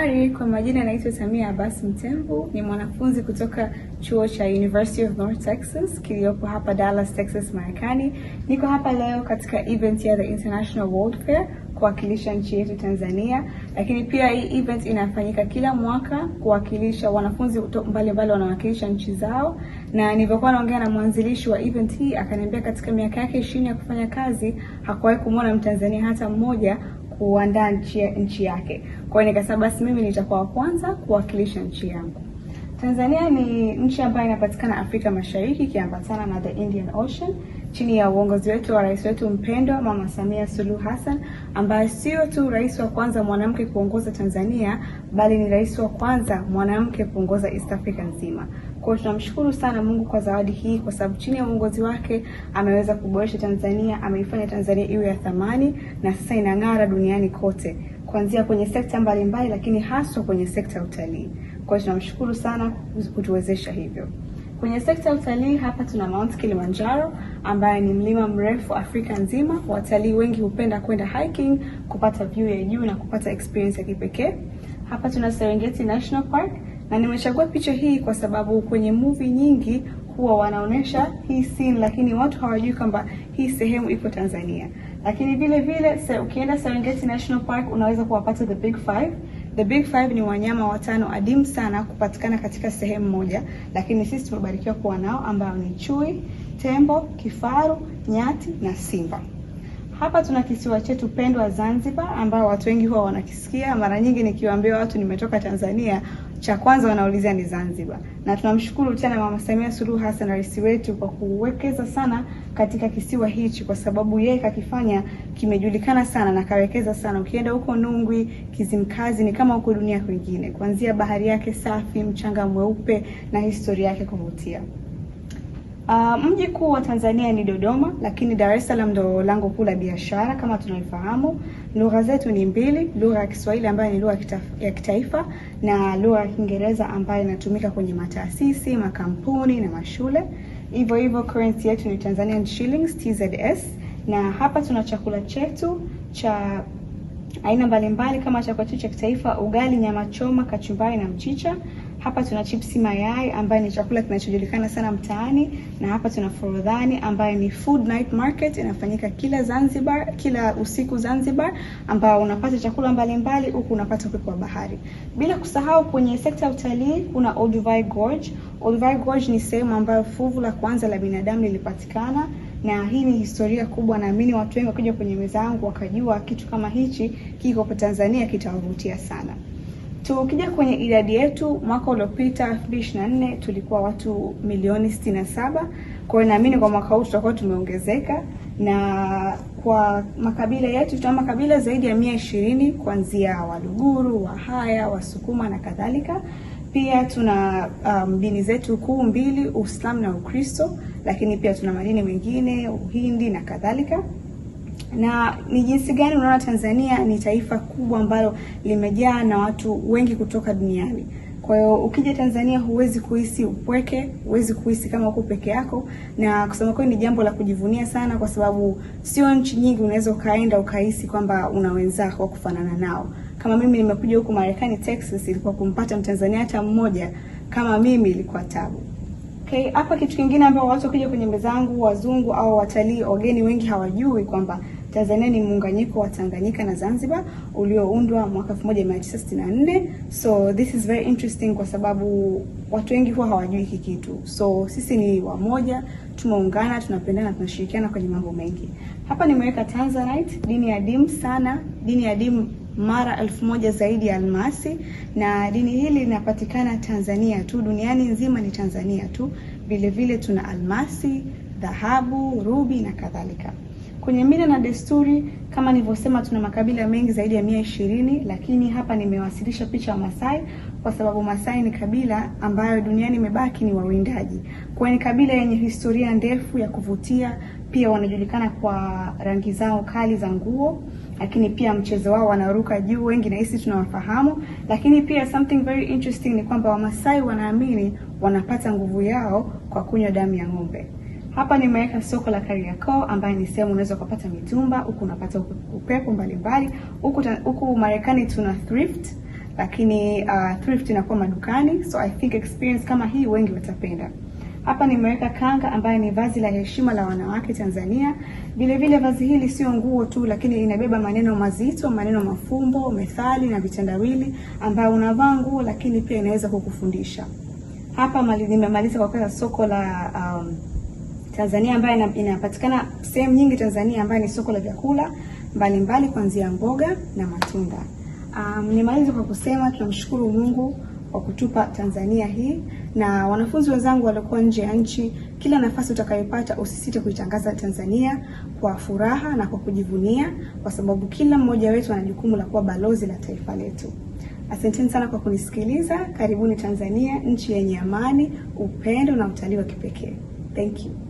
Habari, kwa majina naitwa Samia Abbas Mtembu, ni mwanafunzi kutoka chuo cha University of North Texas kiliyopo hapa Dallas, Texas, Marekani. Niko hapa leo katika event ya the International World Fair kuwakilisha nchi yetu Tanzania, lakini pia hii event inafanyika kila mwaka kuwakilisha wanafunzi mbalimbali wanawakilisha nchi zao, na nilivyokuwa naongea na mwanzilishi wa event hii akaniambia katika miaka yake ishirini ya kufanya kazi hakuwahi kumwona Mtanzania hata mmoja kuandaa nchi, nchi yake. Kwa hiyo nikasema basi mimi nitakuwa wa kwanza kuwakilisha nchi yangu. Tanzania ni nchi ambayo inapatikana Afrika Mashariki ikiambatana na the Indian Ocean chini ya uongozi wetu wa rais wetu mpendwa Mama Samia Suluhu Hassan ambaye sio tu rais wa kwanza mwanamke kuongoza Tanzania bali ni rais wa kwanza mwanamke kuongoza East Africa nzima. Kwa hiyo tunamshukuru sana Mungu kwa zawadi hii, kwa sababu chini ya uongozi wake ameweza kuboresha Tanzania, ameifanya Tanzania iwe ya thamani na sasa inang'ara duniani kote, kuanzia kwenye sekta mbalimbali, mbali, lakini haswa kwenye sekta ya utalii. Kwa hiyo tunamshukuru sana kutuwezesha hivyo. Kwenye sekta ya utalii hapa tuna Mount Kilimanjaro ambaye ni mlima mrefu Afrika nzima. Watalii wengi hupenda kwenda hiking kupata view ya juu na kupata experience ya kipekee. Hapa tuna Serengeti National Park na nimechagua picha hii kwa sababu kwenye movie nyingi huwa wanaonesha hii scene, lakini watu hawajui kwamba hii sehemu ipo Tanzania. Lakini vile vile se, ukienda Serengeti National Park unaweza kuwapata the big five. The big five ni wanyama watano adimu sana kupatikana katika sehemu moja, lakini sisi tumebarikiwa kuwa nao ambao ni chui, tembo, kifaru, nyati na simba. Hapa tuna kisiwa chetu pendwa Zanzibar, ambao watu wengi huwa wanakisikia mara nyingi. Nikiwaambia watu nimetoka Tanzania, cha kwanza wanauliza ni Zanzibar, na tunamshukuru tena Mama Samia Suluhu Hassan, rais wetu, kwa kuwekeza sana katika kisiwa hichi, kwa sababu yeye kakifanya kimejulikana sana na kawekeza sana. Ukienda huko Nungwi, Kizimkazi, ni kama huko dunia kwingine, kuanzia bahari yake safi, mchanga mweupe na historia yake kuvutia. Uh, mji kuu wa Tanzania ni Dodoma, lakini Dar es Salaam ndo lango kuu la biashara kama tunaifahamu. Lugha zetu ni mbili, lugha ya Kiswahili ambayo ni lugha ya kitaifa na lugha ya Kiingereza ambayo inatumika kwenye mataasisi, makampuni na mashule. Hivyo hivyo currency yetu ni Tanzanian shillings TZS, na hapa tuna chakula chetu cha aina mbalimbali kama chakula chetu cha kitaifa: ugali, nyama choma, kachumbari na mchicha. Hapa tuna chipsi mayai ambayo ni chakula kinachojulikana sana mtaani, na hapa tuna Forodhani ambayo ni food night market inafanyika kila Zanzibar, kila usiku Zanzibar, ambao unapata chakula mbalimbali huku unapata upepo wa bahari. Bila kusahau kwenye sekta ya utalii kuna Olduvai Gorge. Olduvai Gorge ni sehemu ambayo fuvu la kwanza la binadamu lilipatikana na hii ni historia kubwa. Naamini watu wengi wakija kwenye meza yangu wakajua kitu kama hichi kiko kwa Tanzania kitawavutia sana. Tukija kwenye idadi yetu mwaka uliopita 2024 tulikuwa watu milioni 67. Kwa hiyo naamini kwa mwaka huu tutakuwa tumeongezeka, na kwa makabila yetu tuna makabila zaidi ya mia ishirini kuanzia Waluguru, Wahaya, Wasukuma na kadhalika. Pia tuna um, dini zetu kuu mbili, Uislamu na Ukristo, lakini pia tuna madini mengine Uhindi na kadhalika na ni jinsi gani unaona Tanzania ni taifa kubwa ambalo limejaa na watu wengi kutoka duniani. Kwa hiyo ukija Tanzania huwezi kuhisi upweke, huwezi kuhisi kama uko peke yako, na kusema kweli ni jambo la kujivunia sana, kwa sababu sio nchi nyingi unaweza ukaenda ukahisi kwamba una wenzako wa kufanana nao. Kama mimi nimekuja huku Marekani Texas, ilikuwa kumpata Mtanzania hata mmoja kama mimi ilikuwa tabu. Okay, hapa kitu kingine ambao watu wakija kwenye meza yangu wazungu au watalii wageni wengi hawajui kwamba Tanzania ni muunganyiko wa Tanganyika na Zanzibar ulioundwa mwaka 1964. So this is very interesting kwa sababu watu wengi huwa hawajui hiki kitu. So sisi ni wamoja, tumeungana, tunapendana, tunashirikiana kwenye mambo mengi. Hapa nimeweka Tanzanite, dini ya dimu sana, dini ya dimu mara elfu moja zaidi ya almasi, na dini hili linapatikana Tanzania tu, duniani nzima ni Tanzania tu. Vilevile tuna almasi, dhahabu, rubi na kadhalika. Kwenye mila na desturi, kama nilivyosema, tuna makabila mengi zaidi ya mia ishirini, lakini hapa nimewasilisha picha ya Masai kwa sababu Masai ni kabila ambayo duniani imebaki ni wawindaji. Kwa ni kabila yenye historia ndefu ya kuvutia, pia wanajulikana kwa rangi zao kali za nguo lakini pia mchezo wao wanaruka juu, wengi nahisi tunawafahamu. Lakini pia something very interesting ni kwamba Wamasai wanaamini wanapata nguvu yao kwa kunywa damu ya ng'ombe. Hapa nimeweka soko la Kariakoo ambaye ni sehemu unaweza kupata mitumba huku, unapata upepo mbalimbali huku huku. Marekani tuna thrift, lakini uh, thrift inakuwa madukani, so I think experience kama hii wengi watapenda. Hapa nimeweka kanga ambayo ni vazi la heshima la wanawake Tanzania. Vilevile vazi hili sio nguo tu, lakini inabeba maneno mazito, maneno mafumbo, methali na vitendawili ambayo unavaa nguo, lakini pia inaweza kukufundisha. Hapa nimemaliza kwa kwa soko la um, Tanzania ambayo inapatikana sehemu nyingi Tanzania, ambayo ni soko la vyakula mbalimbali kuanzia mboga na matunda. Um, nimaliza kwa kusema tunamshukuru Mungu wa kutupa Tanzania hii, na wanafunzi wenzangu waliokuwa nje ya nchi, kila nafasi utakayopata usisite kuitangaza Tanzania kwa furaha na kwa kujivunia, kwa sababu kila mmoja wetu ana jukumu la kuwa balozi la taifa letu. Asanteni sana kwa kunisikiliza. Karibuni Tanzania, nchi yenye amani, upendo na utalii wa kipekee. Thank you.